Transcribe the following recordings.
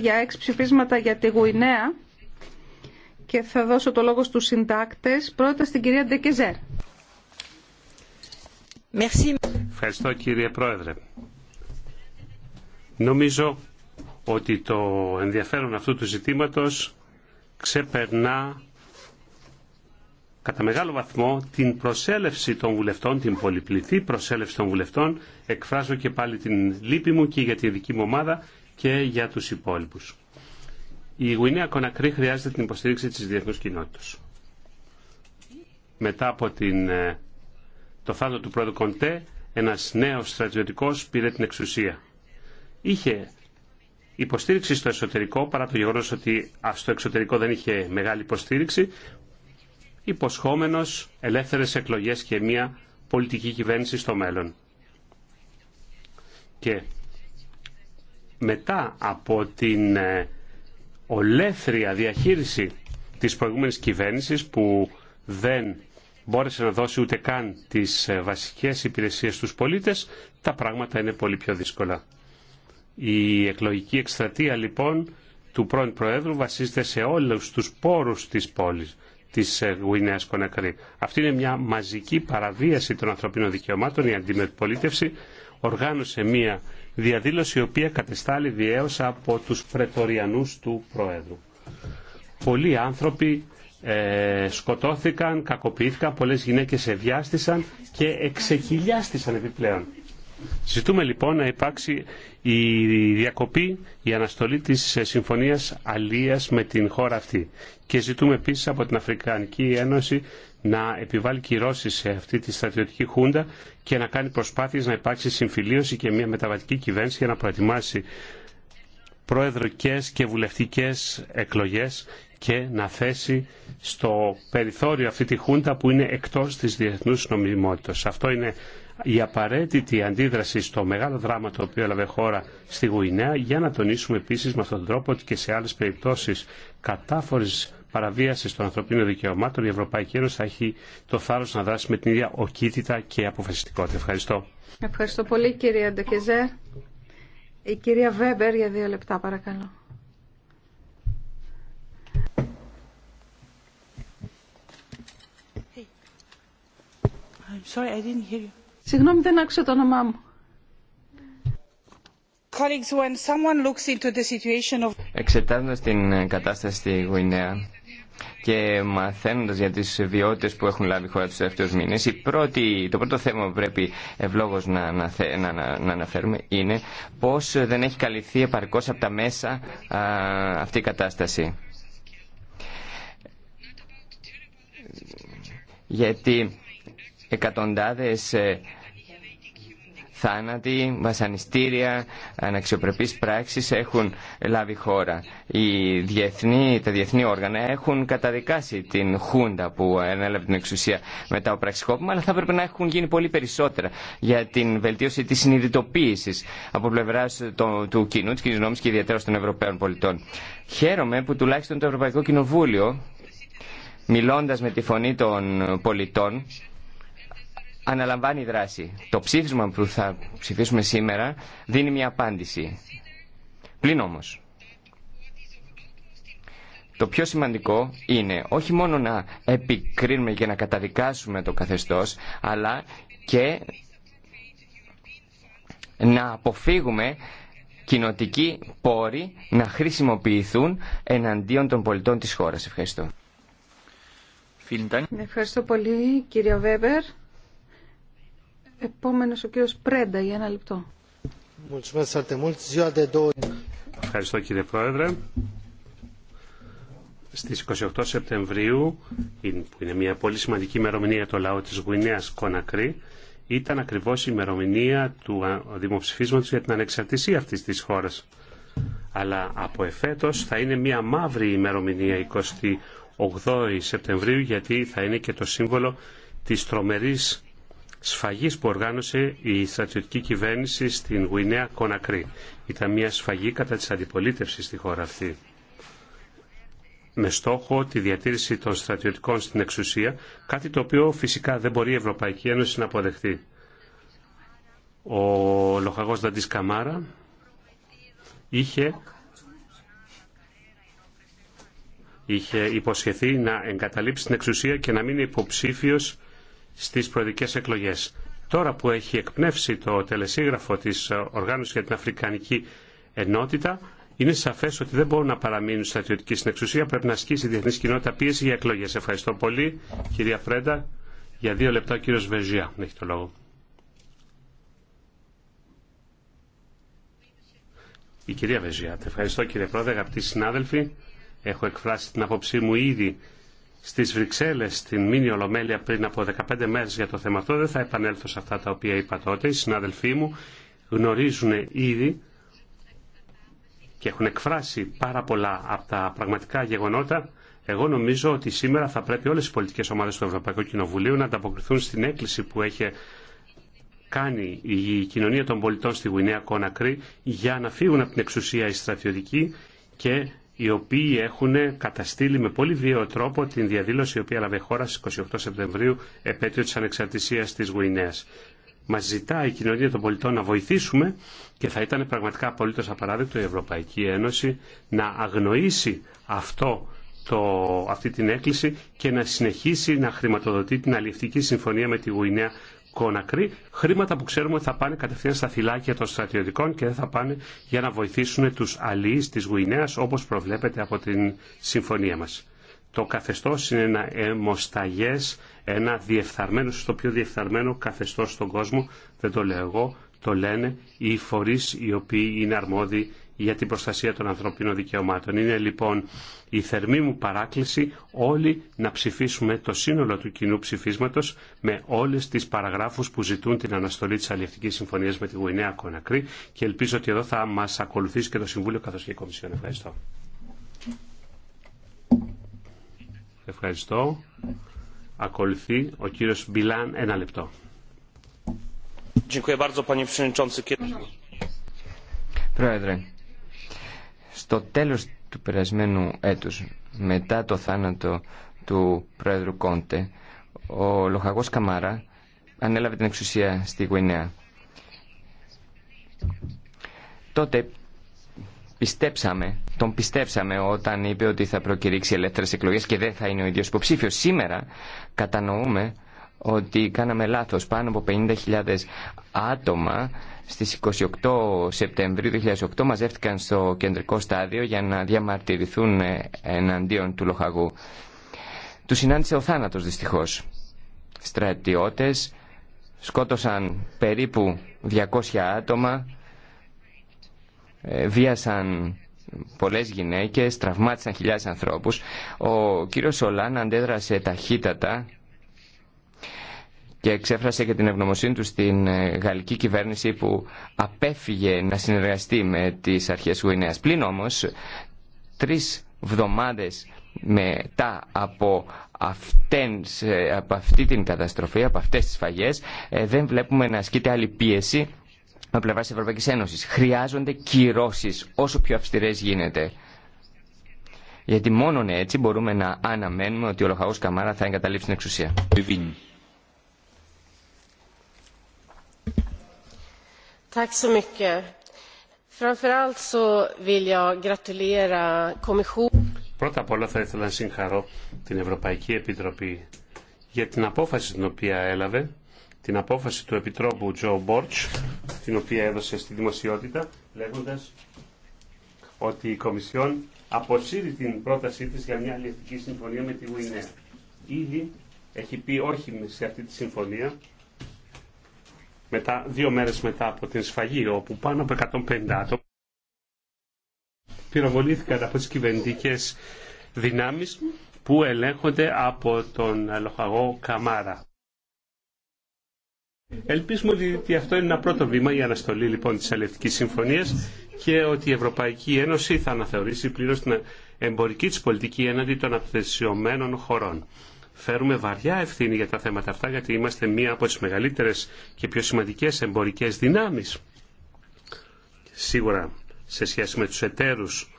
για έξι ψηφίσματα για τη Γουινέα και θα δώσω το λόγο στους συντάκτες. Πρώτα στην κυρία Ντεκεζέρ. Ευχαριστώ κύριε Πρόεδρε. Νομίζω ότι το ενδιαφέρον αυτού του ζητήματος ξεπερνά κατά μεγάλο βαθμό την προσέλευση των βουλευτών, την πολυπληθή προσέλευση των βουλευτών. Εκφράζω και πάλι την λύπη μου και για τη δική μου ομάδα και για του υπόλοιπου. Η Γουινέα Κονακρή χρειάζεται την υποστήριξη της διεθνούς κοινότητας. Μετά από την, ε, το θάνατο του πρώτου Κοντέ, ένας νέος στρατιωτικό πήρε την εξουσία. Είχε υποστήριξη στο εσωτερικό, παρά το γεγονός ότι στο εξωτερικό δεν είχε μεγάλη υποστήριξη, υποσχόμενος ελεύθερες εκλογές και μια πολιτική κυβέρνηση στο μέλλον. Και μετά από την ε, ολέθρια διαχείριση της προηγούμενης κυβέρνησης που δεν μπόρεσε να δώσει ούτε καν τις ε, βασικές υπηρεσίες στους πολίτες, τα πράγματα είναι πολύ πιο δύσκολα. Η εκλογική εκστρατεία λοιπόν του πρώην Προέδρου βασίζεται σε όλους τους πόρους της πόλης της ε, Γουινέας Κονακρή. Αυτή είναι μια μαζική παραβίαση των ανθρωπίνων δικαιωμάτων. Η αντιμετωπολίτευση οργάνωσε μια διαδήλωση η οποία κατεστάλλει διέως από τους πρετοριανούς του Προέδρου. Πολλοί άνθρωποι ε, σκοτώθηκαν, κακοποιήθηκαν, πολλές γυναίκες ευιάστησαν και εξεχιλιάστησαν επιπλέον. Ζητούμε λοιπόν να υπάρξει η διακοπή, η αναστολή της συμφωνίας αλίας με την χώρα αυτή. Και ζητούμε επίσης από την Αφρικανική Ένωση να επιβάλλει κυρώσει σε αυτή τη στρατιωτική χούντα και να κάνει προσπάθειες να υπάρξει συμφιλίωση και μια μεταβατική κυβέρνηση για να προετοιμάσει προεδρικές και βουλευτικές εκλογές και να θέσει στο περιθώριο αυτή τη χούντα που είναι εκτός της διεθνούς νομιμότητας. Αυτό είναι η απαραίτητη αντίδραση στο μεγάλο δράμα το οποίο έλαβε χώρα στη Γουινέα για να τονίσουμε επίσης με αυτόν τον τρόπο ότι και σε άλλες περιπτώσεις κατάφορης παραβίασης των ανθρωπίνων δικαιωμάτων, η Ευρωπαϊκή Ένωση θα έχει το θάρρος να δράσει με την ίδια οκίτητα και αποφασιστικότητα. Ευχαριστώ. Ευχαριστώ πολύ κύριε Ντοκεζέ. Η κυρία Βέμπερ για δύο λεπτά παρακαλώ. I'm Συγγνώμη, δεν άκουσα το όνομά μου. Εξετάζοντας την κατάσταση στη Γουινέα, και μαθαίνοντα για τι βιότητε που έχουν λάβει η χώρα του τελευταίου μήνε, το πρώτο θέμα που πρέπει ευλόγω να, να, να, να, αναφέρουμε είναι πώ δεν έχει καλυφθεί επαρκώ από τα μέσα α, αυτή η κατάσταση. Γιατί εκατοντάδες ε, θάνατοι, βασανιστήρια, αναξιοπρεπείς πράξεις έχουν λάβει χώρα. Οι διεθνή, τα διεθνή όργανα έχουν καταδικάσει την Χούντα που ανέλαβε την εξουσία μετά το πραξικόπημα, αλλά θα έπρεπε να έχουν γίνει πολύ περισσότερα για την βελτίωση της συνειδητοποίησης από πλευρά του κοινού, της κοινής νόμης και ιδιαίτερα των Ευρωπαίων πολιτών. Χαίρομαι που τουλάχιστον το Ευρωπαϊκό Κοινοβούλιο, μιλώντας με τη φωνή των πολιτών, αναλαμβάνει δράση. Το ψήφισμα που θα ψηφίσουμε σήμερα δίνει μια απάντηση. Πλην όμως, το πιο σημαντικό είναι όχι μόνο να επικρίνουμε και να καταδικάσουμε το καθεστώς, αλλά και να αποφύγουμε κοινοτικοί πόροι να χρησιμοποιηθούν εναντίον των πολιτών της χώρας. Ευχαριστώ. Ευχαριστώ πολύ κύριε Βέμπερ. Επόμενος ο κύριος Πρέντα για ένα λεπτό. Ευχαριστώ κύριε Πρόεδρε. Στις 28 Σεπτεμβρίου, που είναι μια πολύ σημαντική ημερομηνία για το λαό της Γουινέας Κονακρή, ήταν ακριβώς η ημερομηνία του δημοψηφίσματος για την ανεξαρτησία αυτής της χώρας. Αλλά από εφέτος θα είναι μια μαύρη ημερομηνία 28 Σεπτεμβρίου γιατί θα είναι και το σύμβολο της τρομερής σφαγής που οργάνωσε η στρατιωτική κυβέρνηση στην Γουινέα Κονακρή. Ήταν μια σφαγή κατά της αντιπολίτευσης στη χώρα αυτή. Με στόχο τη διατήρηση των στρατιωτικών στην εξουσία, κάτι το οποίο φυσικά δεν μπορεί η Ευρωπαϊκή Ένωση να αποδεχτεί. Ο λοχαγός Δαντής Καμάρα είχε είχε υποσχεθεί να εγκαταλείψει την εξουσία και να μείνει υποψήφιος στις προεδρικές εκλογές. Τώρα που έχει εκπνεύσει το τελεσίγραφο της ε, Οργάνωσης για την Αφρικανική Ενότητα, είναι σαφέ ότι δεν μπορούν να παραμείνουν στρατιωτικοί στην εξουσία. Πρέπει να ασκήσει η διεθνή κοινότητα πίεση για εκλογέ. Ευχαριστώ πολύ, κυρία Φρέντα. Για δύο λεπτά ο κύριο Βεζιά έχει το λόγο. Η κυρία Βεζιά. Ευχαριστώ κύριε Πρόεδρε, αγαπητοί συνάδελφοι. Έχω εκφράσει την άποψή μου ήδη στις Βρυξέλλες στην Μίνη Ολομέλεια πριν από 15 μέρες για το θέμα αυτό. Δεν θα επανέλθω σε αυτά τα οποία είπα τότε. Οι συναδελφοί μου γνωρίζουν ήδη και έχουν εκφράσει πάρα πολλά από τα πραγματικά γεγονότα. Εγώ νομίζω ότι σήμερα θα πρέπει όλες οι πολιτικές ομάδες του Ευρωπαϊκού Κοινοβουλίου να ανταποκριθούν στην έκκληση που έχει κάνει η κοινωνία των πολιτών στη Γουινέα Κόνακρη για να φύγουν από την εξουσία οι στρατιωτικοί και οι οποίοι έχουν καταστήλει με πολύ βίαιο τρόπο την διαδήλωση η οποία έλαβε χώρα στις 28 Σεπτεμβρίου επέτειο της ανεξαρτησίας της Γουινέας. Μας ζητά η κοινωνία των πολιτών να βοηθήσουμε και θα ήταν πραγματικά απολύτως απαράδεκτο η Ευρωπαϊκή Ένωση να αγνοήσει αυτό το, αυτή την έκκληση και να συνεχίσει να χρηματοδοτεί την αλληλευτική συμφωνία με τη Γουινέα Κονακρή, χρήματα που ξέρουμε θα πάνε κατευθείαν στα θυλάκια των στρατιωτικών και δεν θα πάνε για να βοηθήσουν τους αλληλείς της Γουινέας όπως προβλέπεται από την συμφωνία μας. Το καθεστώς είναι ένα αιμοσταγές, ένα διεφθαρμένο, στο πιο διεφθαρμένο καθεστώς στον κόσμο, δεν το λέω εγώ, το λένε οι φορείς οι οποίοι είναι αρμόδιοι για την προστασία των ανθρωπίνων δικαιωμάτων. Είναι λοιπόν η θερμή μου παράκληση όλοι να ψηφίσουμε το σύνολο του κοινού ψηφίσματος με όλες τις παραγράφους που ζητούν την αναστολή της αλληλευτικής συμφωνίας με τη Γουινέα Κονακρή και ελπίζω ότι εδώ θα μας ακολουθήσει και το Συμβούλιο καθώς και η Κομισιόν. Ευχαριστώ. Ευχαριστώ. Ακολουθεί ο κύριος Μπιλάν ένα λεπτό. Πρόεδρε, στο τέλος του περασμένου έτους, μετά το θάνατο του πρόεδρου Κόντε, ο λοχαγός Καμάρα ανέλαβε την εξουσία στη Γουινέα. Τότε πιστέψαμε, τον πιστέψαμε όταν είπε ότι θα προκηρύξει ελεύθερες εκλογές και δεν θα είναι ο ίδιος υποψήφιος. Σήμερα κατανοούμε ότι κάναμε λάθος πάνω από 50.000 άτομα στις 28 Σεπτεμβρίου 2008 μαζεύτηκαν στο κεντρικό στάδιο για να διαμαρτυρηθούν ε, εναντίον του λοχαγού. Του συνάντησε ο θάνατος δυστυχώς. Στρατιώτες σκότωσαν περίπου 200 άτομα, ε, βίασαν πολλές γυναίκες, τραυμάτισαν χιλιάδες ανθρώπους. Ο κύριος Σολάν αντέδρασε ταχύτατα και εξέφρασε και την ευγνωμοσύνη του στην ε, γαλλική κυβέρνηση που απέφυγε να συνεργαστεί με τις αρχές Γουινέας. Πλην όμως, τρεις βδομάδες μετά από, αυτή την καταστροφή, από αυτές τις φαγές, ε, δεν βλέπουμε να ασκείται άλλη πίεση από πλευρά τη Ευρωπαϊκή Ένωση. Χρειάζονται κυρώσει όσο πιο αυστηρέ γίνεται. Γιατί μόνον έτσι μπορούμε να αναμένουμε ότι ο Λοχαό Καμάρα θα εγκαταλείψει την εξουσία. Πρώτα απ' όλα θα ήθελα να συγχαρώ την Ευρωπαϊκή Επιτροπή για την απόφαση την οποία έλαβε, την απόφαση του Επιτρόπου Τζο Μπόρτς, την οποία έδωσε στη δημοσιότητα, λέγοντας ότι η Κομισιόν αποσύρει την πρότασή της για μια αλληλευτική συμφωνία με τη Γουινέα. Ήδη έχει πει όχι σε αυτή τη συμφωνία μετά, δύο μέρες μετά από την σφαγή, όπου πάνω από 150 άτομα πυροβολήθηκαν από τις κυβερνητικές δυνάμεις που ελέγχονται από τον λοχαγό Καμάρα. Ελπίζουμε ότι αυτό είναι ένα πρώτο βήμα για αναστολή λοιπόν της Αλληλευτικής Συμφωνίας και ότι η Ευρωπαϊκή Ένωση θα αναθεωρήσει πλήρως την εμπορική της πολιτική έναντι των απθεσιωμένων χωρών φέρουμε βαριά ευθύνη για τα θέματα αυτά, γιατί είμαστε μία από τις μεγαλύτερες και πιο σημαντικές εμπορικές δυνάμεις. Σίγουρα σε σχέση με τους εταίρους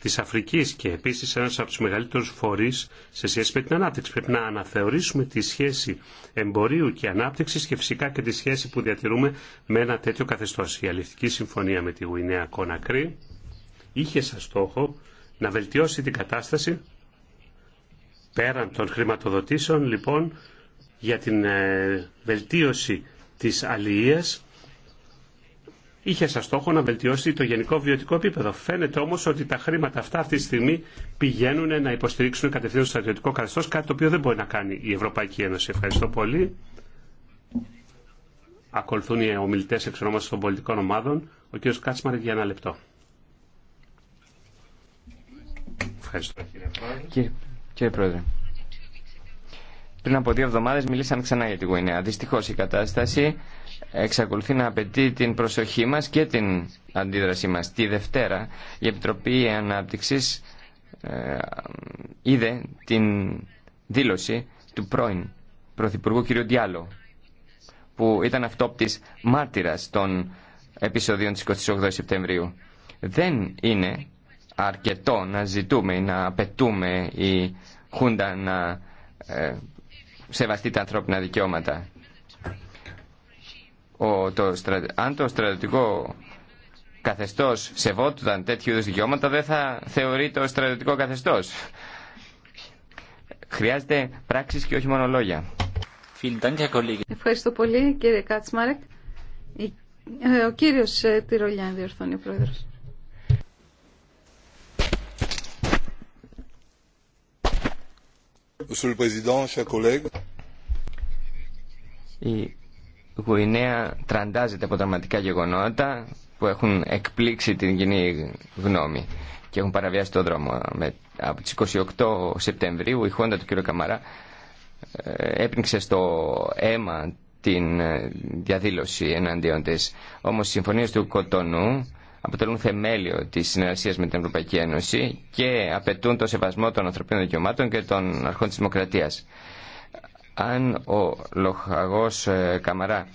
της Αφρικής και επίσης ένας από τους μεγαλύτερους φορείς σε σχέση με την ανάπτυξη. Πρέπει να αναθεωρήσουμε τη σχέση εμπορίου και ανάπτυξης και φυσικά και τη σχέση που διατηρούμε με ένα τέτοιο καθεστώς. Η αληθική συμφωνία με τη Γουινέα Κονακρή είχε σαν στόχο να βελτιώσει την κατάσταση Πέραν των χρηματοδοτήσεων, λοιπόν, για την ε, βελτίωση της αλληλείας, είχε σαν στόχο να βελτιώσει το γενικό βιωτικό επίπεδο. Φαίνεται όμως, ότι τα χρήματα αυτά αυτή τη στιγμή πηγαίνουν να υποστηρίξουν κατευθείαν το στρατιωτικό καθεστώς, κάτι το οποίο δεν μπορεί να κάνει η Ευρωπαϊκή Ένωση. Ευχαριστώ πολύ. Ακολουθούν οι ομιλητέ εξ ονόμαστε των πολιτικών ομάδων. Ο κ. Κάτσμαρ για ένα λεπτό. Ευχαριστώ κύριε Πρόεδρε. Κύριε Πρόεδρε, πριν από δύο εβδομάδες μίλησαν ξανά για την Γουινέα. Δυστυχώς η κατάσταση εξακολουθεί να απαιτεί την προσοχή μας και την αντίδρασή μας. Τη Δευτέρα η Επιτροπή Ανάπτυξης ε, είδε την δήλωση του πρώην Πρωθυπουργού κ. Διάλο που ήταν αυτόπτης μάρτυρας των επεισοδίων της 28 Σεπτεμβρίου. Δεν είναι αρκετό να ζητούμε, ή να απαιτούμε η Χούντα να ε, σεβαστεί τα ανθρώπινα δικαιώματα. Ο, το, αν το στρατιωτικό καθεστώς σεβόταν τέτοιου είδους δικαιώματα δεν θα θεωρεί το στρατιωτικό καθεστώς. Χρειάζεται πράξεις και όχι μόνο λόγια. Ευχαριστώ πολύ κύριε Κάτσμαρεκ. Ε, ο κύριος ε, Τυρολιάν διορθώνει ο πρόεδρος. Η Γουινέα τραντάζεται από δραματικά γεγονότα που έχουν εκπλήξει την κοινή γνώμη και έχουν παραβιάσει τον δρόμο. από τις 28 Σεπτεμβρίου η Χόντα του κ. Καμαρά ε, έπνιξε στο αίμα την ε, διαδήλωση εναντίον της. Όμως οι συμφωνίες του Κοτονού αποτελούν θεμέλιο τη συνεργασία με την Ευρωπαϊκή Ένωση και απαιτούν το σεβασμό των ανθρωπίνων δικαιωμάτων και των αρχών τη δημοκρατία. Αν ο λοχαγός ε, Καμαρά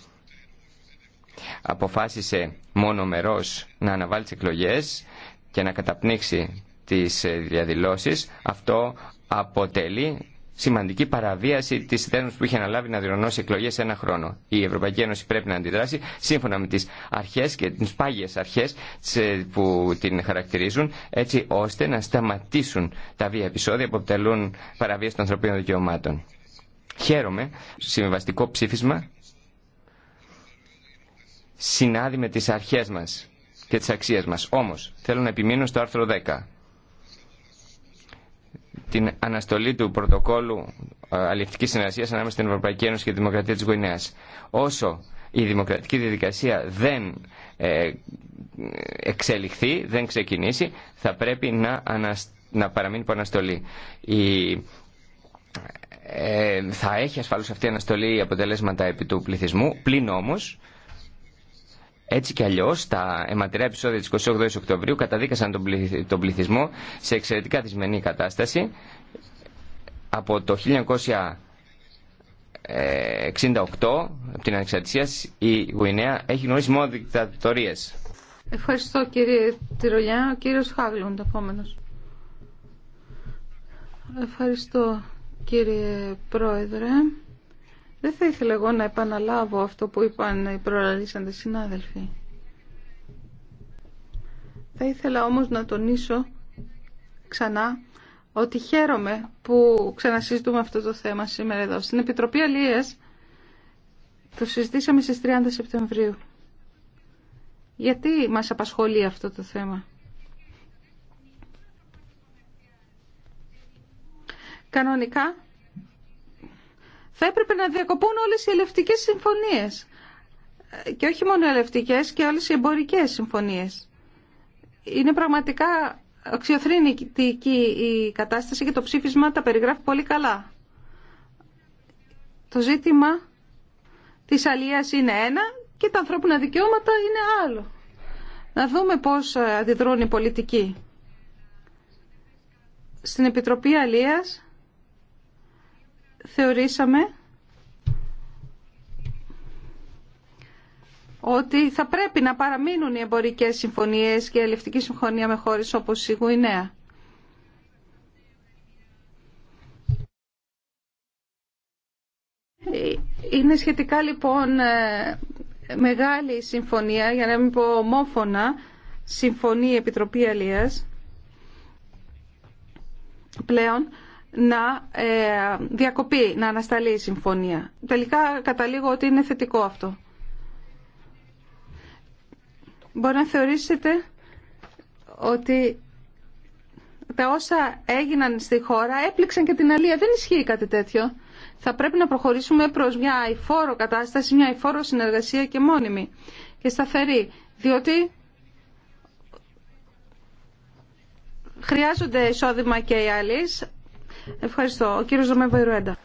αποφάσισε μόνο μερός να αναβάλει τις εκλογές και να καταπνίξει τις ε, διαδηλώσεις, αυτό αποτελεί σημαντική παραβίαση τη θέση που είχε αναλάβει να διοργανώσει εκλογέ σε ένα χρόνο. Η Ευρωπαϊκή Ένωση πρέπει να αντιδράσει σύμφωνα με τι αρχέ και τι πάγιε αρχέ ε, που την χαρακτηρίζουν, έτσι ώστε να σταματήσουν τα βία επεισόδια που αποτελούν παραβίαση των ανθρωπίνων δικαιωμάτων. Χαίρομαι, συμβαστικό ψήφισμα συνάδει με τις αρχές μας και τις αξίες μας. Όμως, θέλω να επιμείνω στο άρθρο 10 την αναστολή του πρωτοκόλου ε, αλληλευτικής συνεργασίας ανάμεσα στην Ευρωπαϊκή Ένωση και τη Δημοκρατία της Γουινέας. Όσο η δημοκρατική διαδικασία δεν ε, εξελιχθεί, δεν ξεκινήσει, θα πρέπει να, ανασ... να παραμείνει υπό αναστολή. Η... Ε, θα έχει ασφαλώς αυτή η αναστολή αποτελέσματα επί του πληθυσμού, πλην όμως έτσι κι αλλιώ, τα αιματηρά επεισόδια τη 28 Οκτωβρίου καταδίκασαν τον πληθυσμό σε εξαιρετικά δυσμενή κατάσταση. Από το 1968, από την ανεξαρτησία, η Γουινέα έχει γνωρίσει μόνο δικτατορίε. Ευχαριστώ κύριε Τυρολιά. Ο κύριο Χάγλουντ, επόμενο. Ευχαριστώ κύριε Πρόεδρε. Δεν θα ήθελα εγώ να επαναλάβω αυτό που είπαν οι προαλήσαντες συνάδελφοι. Θα ήθελα όμως να τονίσω ξανά ότι χαίρομαι που ξανασυζητούμε αυτό το θέμα σήμερα εδώ. Στην Επιτροπή Αλίας το συζητήσαμε στις 30 Σεπτεμβρίου. Γιατί μας απασχολεί αυτό το θέμα. Κανονικά θα έπρεπε να διακοπούν όλες οι ελευτικές συμφωνίες. Και όχι μόνο οι ελευτικές και όλες οι εμπορικές συμφωνίες. Είναι πραγματικά αξιοθρήνητη η κατάσταση και το ψήφισμα τα περιγράφει πολύ καλά. Το ζήτημα της αλίας είναι ένα και τα ανθρώπινα δικαιώματα είναι άλλο. Να δούμε πώς αντιδρούν οι πολιτικοί. Στην Επιτροπή Αλίας θεωρήσαμε ότι θα πρέπει να παραμείνουν οι εμπορικές συμφωνίες και η ελευτική συμφωνία με χώρες όπως η Γουινέα. Είναι σχετικά λοιπόν ε, μεγάλη συμφωνία, για να μην πω ομόφωνα, συμφωνεί Επιτροπή Αλίας πλέον να ε, διακοπεί, να ανασταλεί η συμφωνία. Τελικά καταλήγω ότι είναι θετικό αυτό. Μπορεί να θεωρήσετε ότι τα όσα έγιναν στη χώρα έπληξαν και την αλία. Δεν ισχύει κάτι τέτοιο. Θα πρέπει να προχωρήσουμε προς μια αηφόρο κατάσταση, μια αηφόρο συνεργασία και μόνιμη και σταθερή. Διότι χρειάζονται εισόδημα και οι άλλοι, Ευχαριστώ. Ο κύριος Ζωμέβα Ιρουέντα.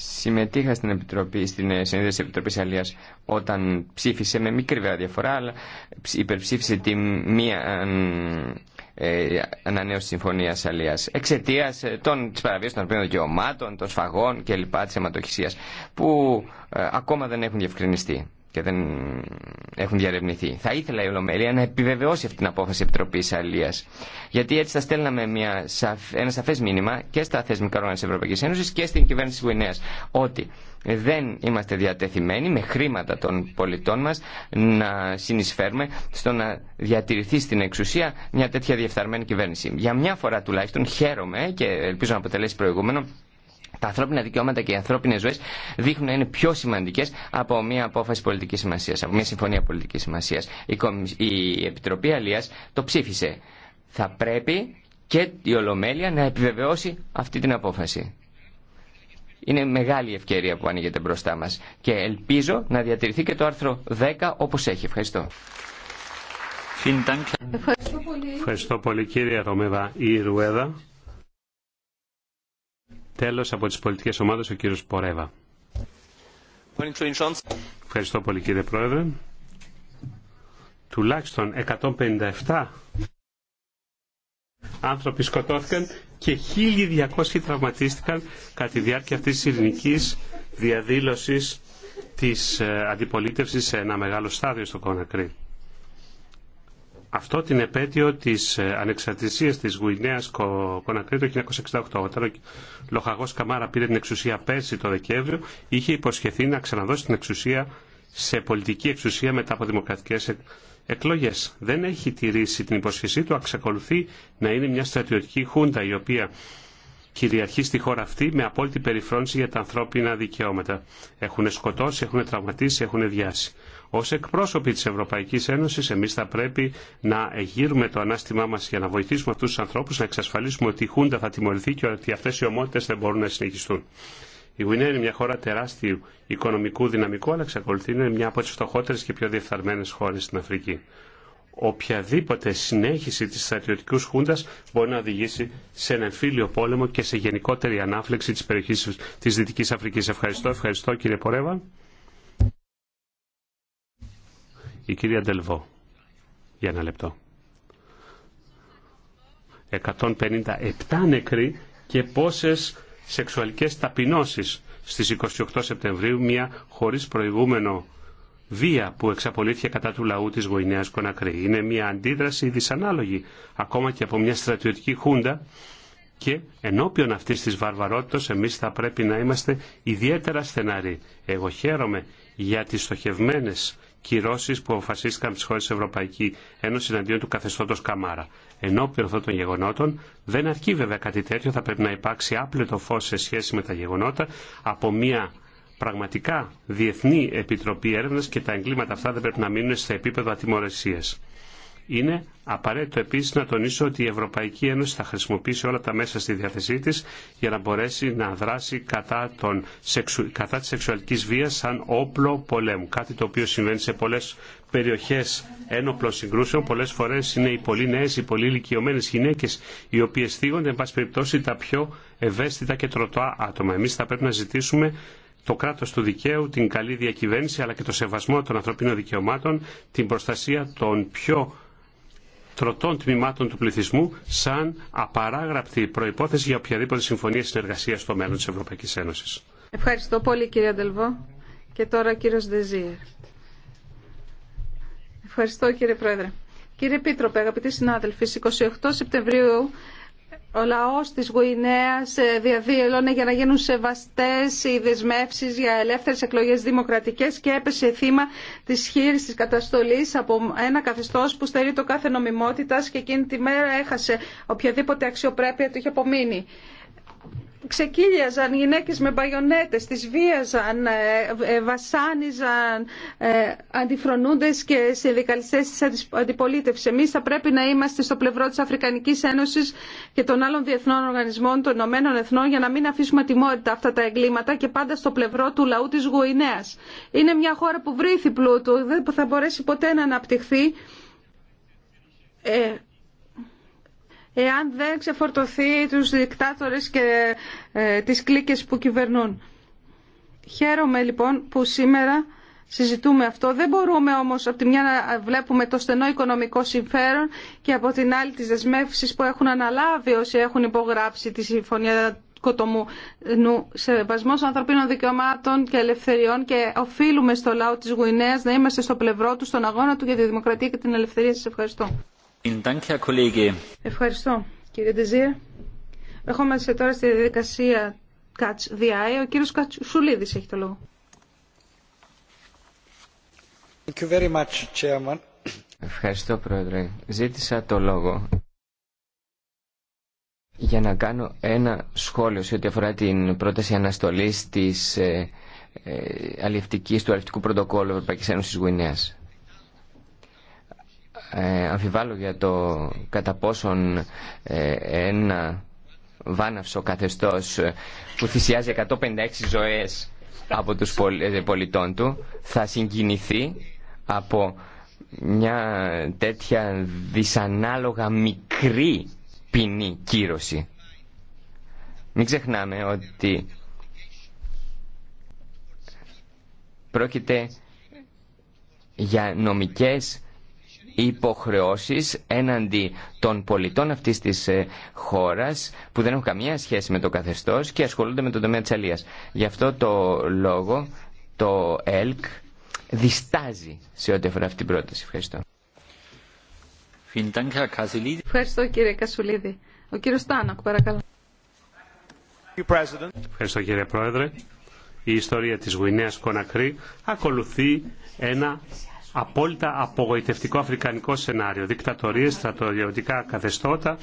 Συμμετείχα στην, Επιτροπή, στην ε, συνέδρια της Επιτροπής Αλίας όταν ψήφισε με μικρή βέβαια διαφορά αλλά υπερψήφισε τη μία ε, ανανέωση συμφωνίας Αλίας εξαιτίας ε, των, της των ανθρωπίνων δικαιωμάτων, των σφαγών κλπ. της αιματοχυσίας που ε, ακόμα δεν έχουν διευκρινιστεί και δεν έχουν διαρευνηθεί. Θα ήθελα η Ολομέλεια να επιβεβαιώσει αυτή την απόφαση Επιτροπή Αλία. Γιατί έτσι θα στέλναμε μια, ένα σαφέ μήνυμα και στα θεσμικά όργανα τη Ευρωπαϊκή Ένωση και στην κυβέρνηση τη Γουινέα ότι δεν είμαστε διατεθειμένοι με χρήματα των πολιτών μα να συνεισφέρουμε στο να διατηρηθεί στην εξουσία μια τέτοια διεφθαρμένη κυβέρνηση. Για μια φορά τουλάχιστον χαίρομαι και ελπίζω να αποτελέσει προηγούμενο τα ανθρώπινα δικαιώματα και οι ανθρώπινε ζωέ δείχνουν να είναι πιο σημαντικέ από μια απόφαση πολιτική σημασία, από μια συμφωνία πολιτική σημασία. Η Επιτροπή Αλία το ψήφισε. Θα πρέπει και η Ολομέλεια να επιβεβαιώσει αυτή την απόφαση. Είναι μεγάλη ευκαιρία που ανοίγεται μπροστά μας και ελπίζω να διατηρηθεί και το άρθρο 10 όπως έχει. Ευχαριστώ. Ευχαριστώ πολύ, Ευχαριστώ πολύ κύριε Ρομεδά Ιρουέδα. Τέλος από τις πολιτικές ομάδες ο κύριος Πορέβα. Ευχαριστώ πολύ κύριε Πρόεδρε. Τουλάχιστον 157 άνθρωποι σκοτώθηκαν και 1.200 τραυματίστηκαν κατά τη διάρκεια αυτής της ειρηνικής διαδήλωσης της ε, αντιπολίτευσης σε ένα μεγάλο στάδιο στο Κονακρή αυτό την επέτειο της ε, ανεξαρτησίας της Γουινέας Κονακρή το 1968. Όταν ο Λοχαγός Καμάρα πήρε την εξουσία πέρσι το Δεκέμβριο, είχε υποσχεθεί να ξαναδώσει την εξουσία σε πολιτική εξουσία μετά από δημοκρατικές ε, εκλογές. Δεν έχει τηρήσει την υποσχεσή του, αξακολουθεί να είναι μια στρατιωτική χούντα η οποία κυριαρχεί στη χώρα αυτή με απόλυτη περιφρόνηση για τα ανθρώπινα δικαιώματα. Έχουν σκοτώσει, έχουν τραυματίσει, έχουν διάσει. Ω εκπρόσωποι τη Ευρωπαϊκή Ένωση, εμεί θα πρέπει να εγείρουμε το ανάστημά μα για να βοηθήσουμε αυτού του ανθρώπου, να εξασφαλίσουμε ότι η Χούντα θα τιμωρηθεί και ότι αυτέ οι ομότητε δεν μπορούν να συνεχιστούν. Η Γουινέα είναι μια χώρα τεράστιου οικονομικού δυναμικού, αλλά εξακολουθεί να είναι μια από τι φτωχότερε και πιο διεφθαρμένε χώρε στην Αφρική οποιαδήποτε συνέχιση της στρατιωτικής χούντας μπορεί να οδηγήσει σε ένα εμφύλιο πόλεμο και σε γενικότερη ανάφλεξη της περιοχής της Δυτικής Αφρικής. Ευχαριστώ, ευχαριστώ κύριε Πορέβα. Η κυρία Ντελβό, για ένα λεπτό. 157 νεκροί και πόσες σεξουαλικές ταπεινώσεις στις 28 Σεπτεμβρίου, μια χωρίς προηγούμενο βία που εξαπολύθηκε κατά του λαού της Βοηνέας Κονακρή. Είναι μια αντίδραση δυσανάλογη ακόμα και από μια στρατιωτική χούντα και ενώπιον αυτής της βαρβαρότητας εμείς θα πρέπει να είμαστε ιδιαίτερα στεναροί. Εγώ χαίρομαι για τις στοχευμένες κυρώσει που αποφασίστηκαν από τι χώρε τη Ευρωπαϊκή Ένωση εναντίον του καθεστώτο Καμάρα. Ενώπιον αυτών των γεγονότων δεν αρκεί βέβαια κάτι τέτοιο, θα πρέπει να υπάρξει άπλετο φω σε σχέση με τα γεγονότα από μια πραγματικά διεθνή επιτροπή έρευνα και τα εγκλήματα αυτά δεν πρέπει να μείνουν στα επίπεδα ατιμορρεσία. Είναι απαραίτητο επίση να τονίσω ότι η Ευρωπαϊκή Ένωση θα χρησιμοποιήσει όλα τα μέσα στη διάθεσή τη για να μπορέσει να δράσει κατά, τον, κατά τη σεξουαλική βία σαν όπλο πολέμου. Κάτι το οποίο συμβαίνει σε πολλέ περιοχέ ένοπλων συγκρούσεων. Πολλέ φορέ είναι οι πολύ νέε, οι πολύ ηλικιωμένε γυναίκε οι οποίε θίγονται, εν πάση περιπτώσει, τα πιο ευαίσθητα και τροτά άτομα. Εμεί θα πρέπει να ζητήσουμε το κράτο του δικαίου, την καλή διακυβέρνηση αλλά και το σεβασμό των ανθρωπίνων δικαιωμάτων, την προστασία των πιο τροτών τμήματων του πληθυσμού σαν απαράγραπτη προϋπόθεση για οποιαδήποτε συμφωνία συνεργασίας στο μέλλον της Ευρωπαϊκής Ένωσης. Ευχαριστώ πολύ κύριε Αντελβό. Και τώρα κύριος Δεζίερ. Ευχαριστώ κύριε Πρόεδρε. Κύριε Πίτροπε, αγαπητοί συνάδελφοι, 28 Σεπτεμβρίου ο λαός της Γουινέας ε, διαδήλωνε για να γίνουν σεβαστές οι δεσμεύσεις για ελεύθερες εκλογές δημοκρατικές και έπεσε θύμα της χείρισης καταστολής από ένα καθεστώς που στερεί το κάθε νομιμότητας και εκείνη τη μέρα έχασε οποιαδήποτε αξιοπρέπεια του είχε απομείνει ξεκύλιαζαν γυναίκες με μπαγιονέτες, τις βίαζαν, ε, ε, βασάνιζαν ε, αντιφρονούντες και συνδικαλιστές της αντιπολίτευσης. Εμείς θα πρέπει να είμαστε στο πλευρό της Αφρικανικής Ένωσης και των άλλων διεθνών οργανισμών των Ηνωμένων Εθνών για να μην αφήσουμε τιμότητα αυτά τα εγκλήματα και πάντα στο πλευρό του λαού της Γουινέας. Είναι μια χώρα που βρήθη πλούτου, δεν θα μπορέσει ποτέ να αναπτυχθεί εάν δεν ξεφορτωθεί τους δικτάτορες και ε, τις κλίκες που κυβερνούν. Χαίρομαι λοιπόν που σήμερα συζητούμε αυτό. Δεν μπορούμε όμως από τη μια να βλέπουμε το στενό οικονομικό συμφέρον και από την άλλη τις δεσμεύσεις που έχουν αναλάβει όσοι έχουν υπογράψει τη Συμφωνία Κοτομού νου, σεβασμός ανθρωπίνων δικαιωμάτων και ελευθεριών και οφείλουμε στο λαό της Γουινέας να είμαστε στο πλευρό του, στον αγώνα του για τη δημοκρατία και την ελευθερία. Σας ευχαριστώ. Ευχαριστώ κύριε Ντεζίρ. Ερχόμαστε τώρα στη διαδικασία κατς the Ο κύριος Κατσουλίδης έχει το λόγο. Ευχαριστώ Πρόεδρε. Ζήτησα το λόγο για να κάνω ένα σχόλιο σε ό,τι αφορά την πρόταση αναστολής της ε, ε, αληφτικής, του αλληλευτικού πρωτοκόλλου Ευρωπαϊκής Ένωσης Γουινέας. Ε, αμφιβάλλω για το κατά πόσον ε, ένα βάναυσο καθεστώς ε, που θυσιάζει 156 ζωές από τους πολιτών του θα συγκινηθεί από μια τέτοια δυσανάλογα μικρή ποινή κύρωση. Μην ξεχνάμε ότι πρόκειται για νομικές υποχρεώσεις έναντι των πολιτών αυτής της ε, χώρας που δεν έχουν καμία σχέση με το καθεστώς και ασχολούνται με τον τομέα της αλίας. Γι' αυτό το λόγο το ΕΛΚ διστάζει σε ό,τι αφορά αυτή την πρόταση. Ευχαριστώ. Ευχαριστώ κύριε Κασουλίδη. Ο κύριος Τάνοκ παρακαλώ. Ευχαριστώ κύριε Πρόεδρε. Η ιστορία της Γουινέας Κονακρή ακολουθεί ένα απόλυτα απογοητευτικό αφρικανικό σενάριο. Δικτατορίες, στρατοδιωτικά καθεστώτα,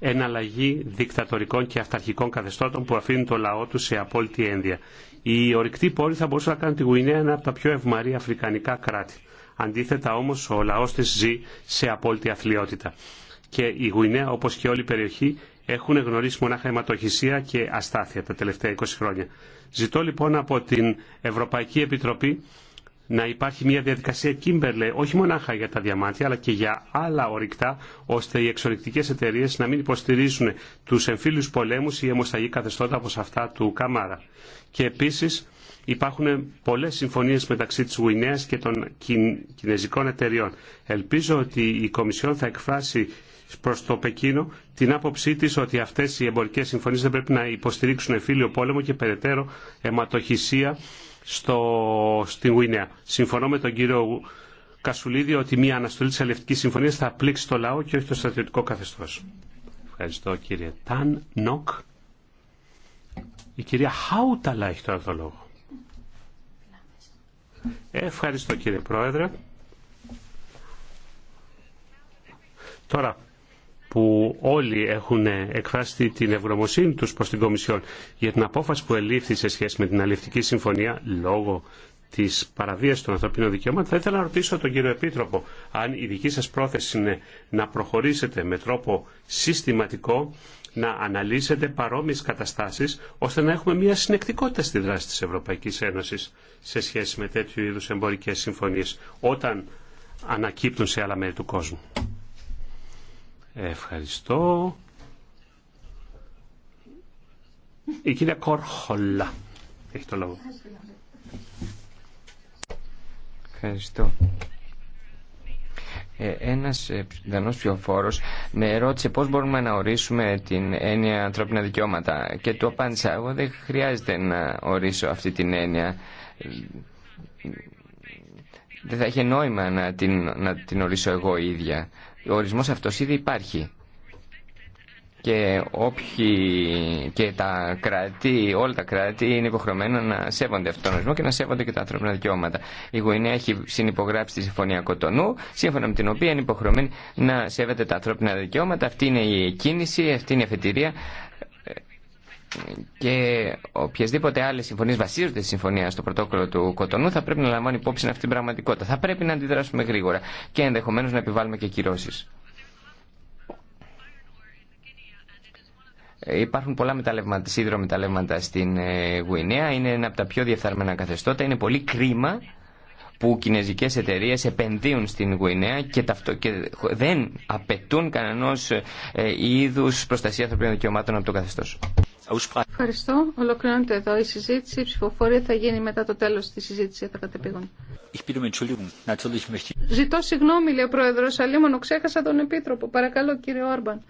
εναλλαγή δικτατορικών και αυταρχικών καθεστώτων που αφήνουν το λαό του σε απόλυτη ένδια. Οι ορυκτή πόροι θα μπορούσε να κάνουν τη Γουινέα ένα από τα πιο ευμαρή αφρικανικά κράτη. Αντίθετα όμως ο λαός της ζει σε απόλυτη αθλειότητα. Και η Γουινέα όπως και όλη η περιοχή έχουν γνωρίσει μονάχα αιματοχυσία και αστάθεια τα τελευταία 20 χρόνια. Ζητώ λοιπόν από την Ευρωπαϊκή Επιτροπή να υπάρχει μια διαδικασία Κίμπερλε όχι μονάχα για τα διαμάντια αλλά και για άλλα ορυκτά ώστε οι εξορυκτικές εταιρείε να μην υποστηρίζουν τους εμφύλους πολέμους ή αιμοσταγή καθεστώτα όπως αυτά του Καμάρα. Και επίσης υπάρχουν πολλές συμφωνίες μεταξύ της Γουινέας και των κινέζικων εταιριών. Ελπίζω ότι η Κομισιόν θα εκφράσει προς το Πεκίνο την άποψή της ότι αυτές οι εμπορικές συμφωνίες δεν πρέπει να υποστηρίξουν εμφύλιο πόλεμο και περαιτέρω αιματοχυσία στο, στην Γουινέα. Συμφωνώ με τον κύριο Κασουλίδη ότι μια αναστολή της αλληλευτικής συμφωνίας θα πλήξει το λαό και όχι το στρατιωτικό καθεστώς. Ευχαριστώ κύριε Ταν Νοκ. Η κυρία Χάουταλα έχει τώρα το λόγο. Ευχαριστώ κύριε Πρόεδρε. Τώρα, που όλοι έχουν εκφράσει την ευγνωμοσύνη τους προς την Κομισιόν για την απόφαση που ελήφθη σε σχέση με την Αλληλευτική συμφωνία λόγω της παραβίασης των ανθρωπίνων δικαιωμάτων, θα ήθελα να ρωτήσω τον κύριο Επίτροπο αν η δική σας πρόθεση είναι να προχωρήσετε με τρόπο συστηματικό να αναλύσετε παρόμοιες καταστάσεις ώστε να έχουμε μια συνεκτικότητα στη δράση της Ευρωπαϊκής Ένωσης σε σχέση με τέτοιου είδους εμπορικές συμφωνίες όταν ανακύπτουν σε άλλα μέρη του κόσμου. Ευχαριστώ. Η κυρία Κορχολά έχει το λόγο. Ευχαριστώ. Ε, ένας ε, Δανός πιοφόρος με ρώτησε πώς μπορούμε να ορίσουμε την έννοια ανθρώπινα δικαιώματα και του απάντησα εγώ δεν χρειάζεται να ορίσω αυτή την έννοια δεν θα είχε νόημα να την, να την ορίσω εγώ ίδια. Ο ορισμός αυτός ήδη υπάρχει. Και, όποιοι, και τα κράτη, όλα τα κράτη είναι υποχρεωμένα να σέβονται αυτόν τον ορισμό και να σέβονται και τα ανθρώπινα δικαιώματα. Η Γουινέα έχει συνυπογράψει τη Συμφωνία Κοτονού, σύμφωνα με την οποία είναι υποχρεωμένη να σέβεται τα ανθρώπινα δικαιώματα. Αυτή είναι η κίνηση, αυτή είναι η αφετηρία και οποιασδήποτε άλλε συμφωνίε βασίζονται στη συμφωνία στο πρωτόκολλο του Κοτονού, θα πρέπει να λαμβάνει υπόψη αυτή την πραγματικότητα. Θα πρέπει να αντιδράσουμε γρήγορα και ενδεχομένω να επιβάλλουμε και κυρώσει. Υπάρχουν πολλά μεταλλεύματα, σύνδρομα μεταλλεύματα στην ε, Γουινέα. Είναι ένα από τα πιο διεφθαρμένα καθεστώτα. Είναι πολύ κρίμα που κινέζικες εταιρείε επενδύουν στην Γουινέα και, δεν απαιτούν κανένα ε, είδους προστασία ανθρωπίνων δικαιωμάτων από το Καθεστώ. Ευχαριστώ. Ολοκληρώνεται εδώ η συζήτηση. Η ψηφοφορία θα γίνει μετά το τέλος της συζήτηση για τα κατεπήγον. Um Ζητώ συγγνώμη, λέει ο Πρόεδρος, αλλήμον ξέχασα τον Επίτροπο. Παρακαλώ, κύριε Όρμπαν.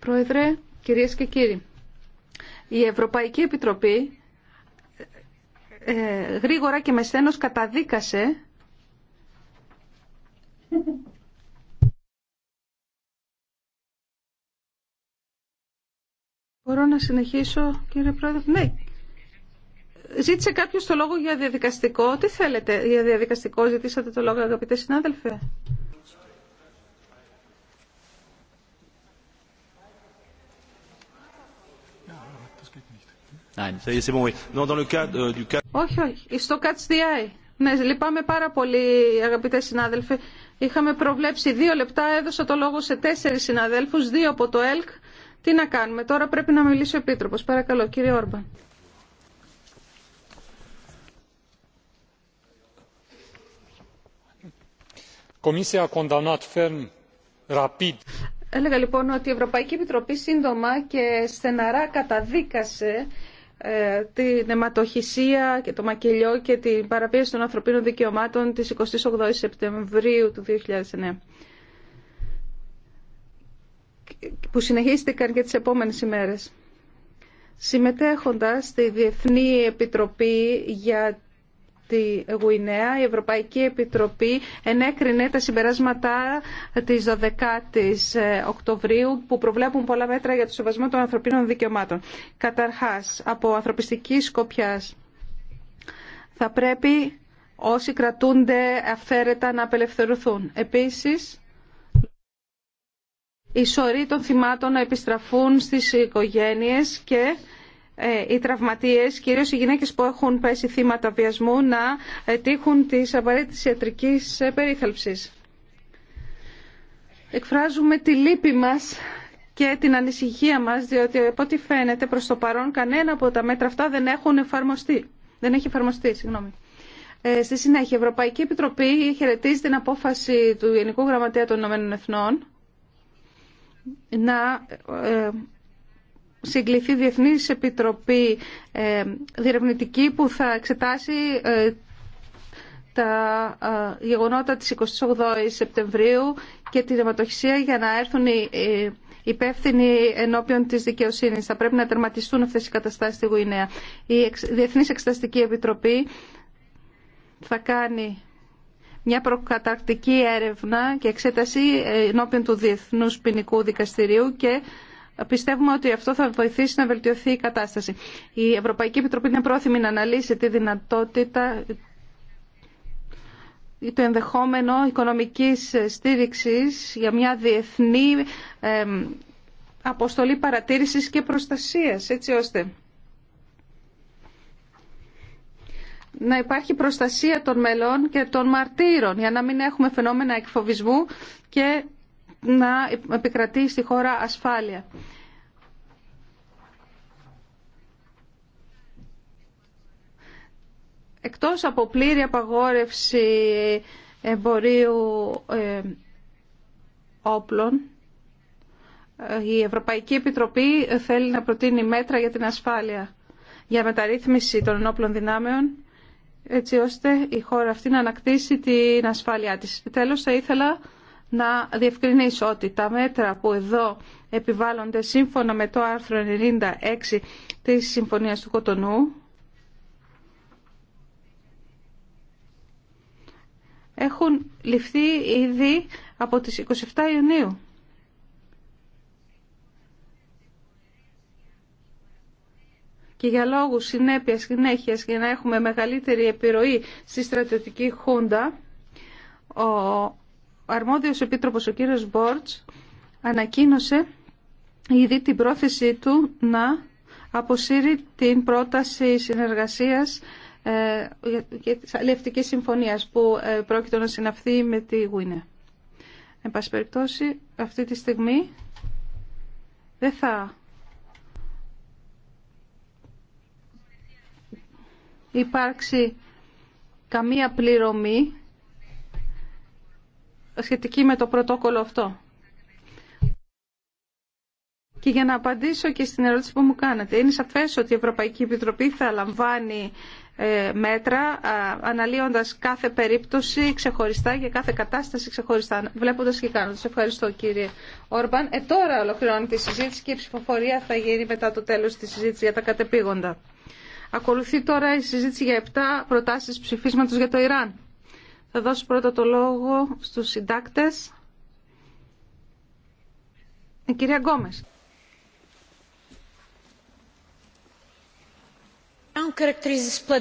Πρόεδρε, κυρίες και κύριοι, η Ευρωπαϊκή Επιτροπή ε, γρήγορα και με στένος καταδίκασε Μπορώ να συνεχίσω, κύριε Πρόεδρε. Ναι. Ζήτησε κάποιο το λόγο για διαδικαστικό. Τι θέλετε για διαδικαστικό, ζητήσατε το λόγο, αγαπητέ συνάδελφε. Όχι, όχι. Στο Catch Ναι, λυπάμαι πάρα πολύ, αγαπητέ συνάδελφοι. Είχαμε προβλέψει δύο λεπτά, έδωσα το λόγο σε τέσσερι συναδέλφου, δύο από το ΕΛΚ. Τι να κάνουμε, τώρα πρέπει να μιλήσει ο Επίτροπο. Παρακαλώ, κύριε Όρμπαν. Comisia Έλεγα λοιπόν ότι η Ευρωπαϊκή Επιτροπή σύντομα και στεναρά καταδίκασε ε, την αιματοχυσία και το μακελιό και την παραπίεση των ανθρωπίνων δικαιωμάτων της 28 Σεπτεμβρίου του 2009 που συνεχίστηκαν και τις επόμενες ημέρες. Συμμετέχοντας στη Διεθνή Επιτροπή για στη Γουινέα η Ευρωπαϊκή Επιτροπή ενέκρινε τα συμπεράσματα της 12ης ε, Οκτωβρίου που προβλέπουν πολλά μέτρα για το σεβασμό των ανθρωπίνων δικαιωμάτων. Καταρχάς, από ανθρωπιστική σκοπιά θα πρέπει όσοι κρατούνται αυθαίρετα να απελευθερωθούν. Επίσης, οι σωροί των θυμάτων να επιστραφούν στις οικογένειες και ε, οι τραυματίες, κυρίως οι γυναίκες που έχουν πέσει θύματα βιασμού, να ε, τύχουν της απαραίτητης ιατρικής ε, περίθαλψης. Εκφράζουμε τη λύπη μας και την ανησυχία μας, διότι από ό,τι φαίνεται προς το παρόν κανένα από τα μέτρα αυτά δεν έχουν εφαρμοστεί. Δεν έχει εφαρμοστεί, συγγνώμη. Ε, στη συνέχεια, η Ευρωπαϊκή Επιτροπή χαιρετίζει την απόφαση του Γενικού Γραμματέα των Ηνωμένων Εθνών να συγκληθεί Διεθνής Επιτροπή ε, Διερευνητική που θα εξετάσει ε, τα ε, γεγονότα της 28 Σεπτεμβρίου και τη δηματοχυσία για να έρθουν οι υπεύθυνοι ενώπιον της δικαιοσύνης. Θα πρέπει να τερματιστούν αυτές οι καταστάσεις στη Γουινέα. Η Διεθνής Εξεταστική Επιτροπή θα κάνει μια προκαταρκτική έρευνα και εξέταση ενώπιον του Διεθνούς Ποινικού Δικαστηρίου και Πιστεύουμε ότι αυτό θα βοηθήσει να βελτιωθεί η κατάσταση. Η Ευρωπαϊκή Επιτροπή είναι πρόθυμη να αναλύσει τη δυνατότητα ή το ενδεχόμενο οικονομικής στήριξης για μια διεθνή αποστολή παρατήρησης και προστασίας, έτσι ώστε να υπάρχει προστασία των μελών και των μαρτύρων, για να μην έχουμε φαινόμενα εκφοβισμού και να επικρατεί στη χώρα ασφάλεια. Εκτός από πλήρη απαγόρευση εμπορίου ε, όπλων, ε, η Ευρωπαϊκή Επιτροπή θέλει να προτείνει μέτρα για την ασφάλεια, για μεταρρύθμιση των όπλων δυνάμεων, έτσι ώστε η χώρα αυτή να ανακτήσει την ασφάλειά της. Τέλος, θα ήθελα να διευκρινίσω ότι τα μέτρα που εδώ επιβάλλονται σύμφωνα με το άρθρο 96 της Συμφωνίας του Κοτονού έχουν ληφθεί ήδη από τις 27 Ιουνίου. Και για λόγους συνέπειας συνέχεια για να έχουμε μεγαλύτερη επιρροή στη στρατιωτική χούντα, ο ο αρμόδιος επίτροπος ο κύριος Μπόρτς ανακοίνωσε ήδη την πρόθεσή του να αποσύρει την πρόταση συνεργασίας ε, και της αλληλευτικής συμφωνίας που ε, πρόκειται να συναυθεί με τη Γουίνε. Εν πάση περιπτώσει, αυτή τη στιγμή δεν θα υπάρξει καμία πληρωμή σχετική με το πρωτόκολλο αυτό. Και για να απαντήσω και στην ερώτηση που μου κάνατε, είναι σαφές ότι η Ευρωπαϊκή Επιτροπή θα λαμβάνει ε, μέτρα αναλύοντας κάθε περίπτωση ξεχωριστά και κάθε κατάσταση ξεχωριστά, βλέποντας και κάνοντας. Ευχαριστώ κύριε Όρμπαν. Ε, τώρα ολοκληρώνει τη συζήτηση και η ψηφοφορία θα γίνει μετά το τέλος της συζήτησης για τα κατεπήγοντα. Ακολουθεί τώρα η συζήτηση για 7 προτάσεις ψηφίσματος για το Ιράν. Θα δώσω πρώτα το λόγο στους συντάκτες. Η κυρία Γκόμες.